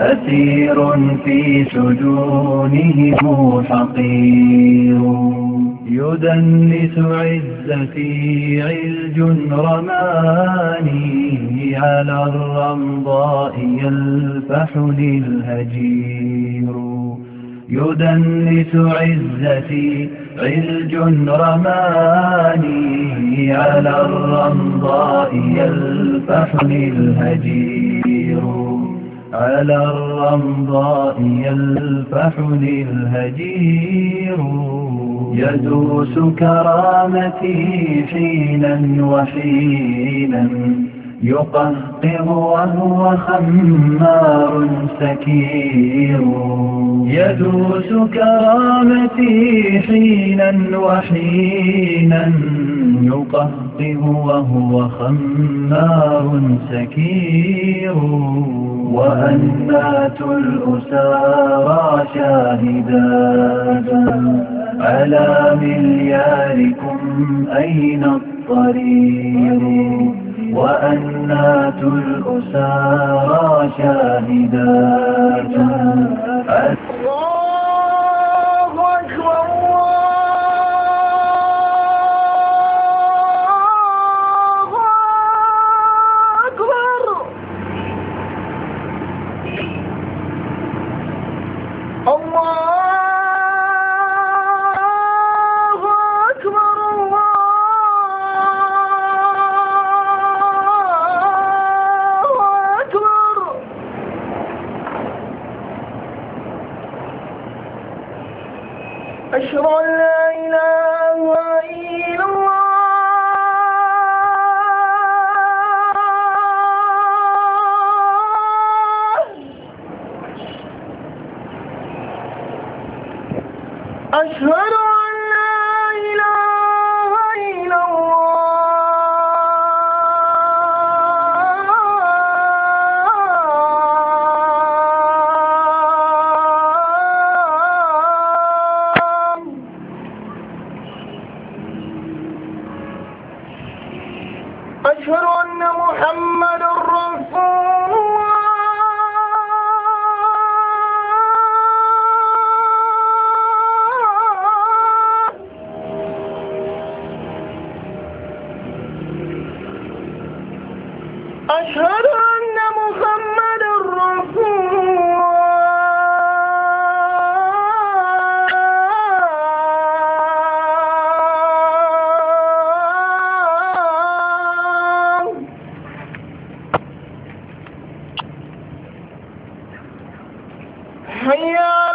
أسير في سجونهم حقير يدنس عزتي علج رماني على الرمضاء يلفح الهجير يدنس عزتي علج رماني على الرمضاء يلفح الهجير على الرمضاء يلفح الهجير يدوس كرامتي حينا وحينا يقهقر وهو خمار سكير يدوس كرامتي حينا وحينا يقهقر وهو خمار سكير وأنبات الأسارى شاهدات على ملياركم أين الطريق وأنات الأسارى شاهدات أشهد أن لا إله إلا الله أشهد أشهد أن محمد رسول الله أشهد أن حيا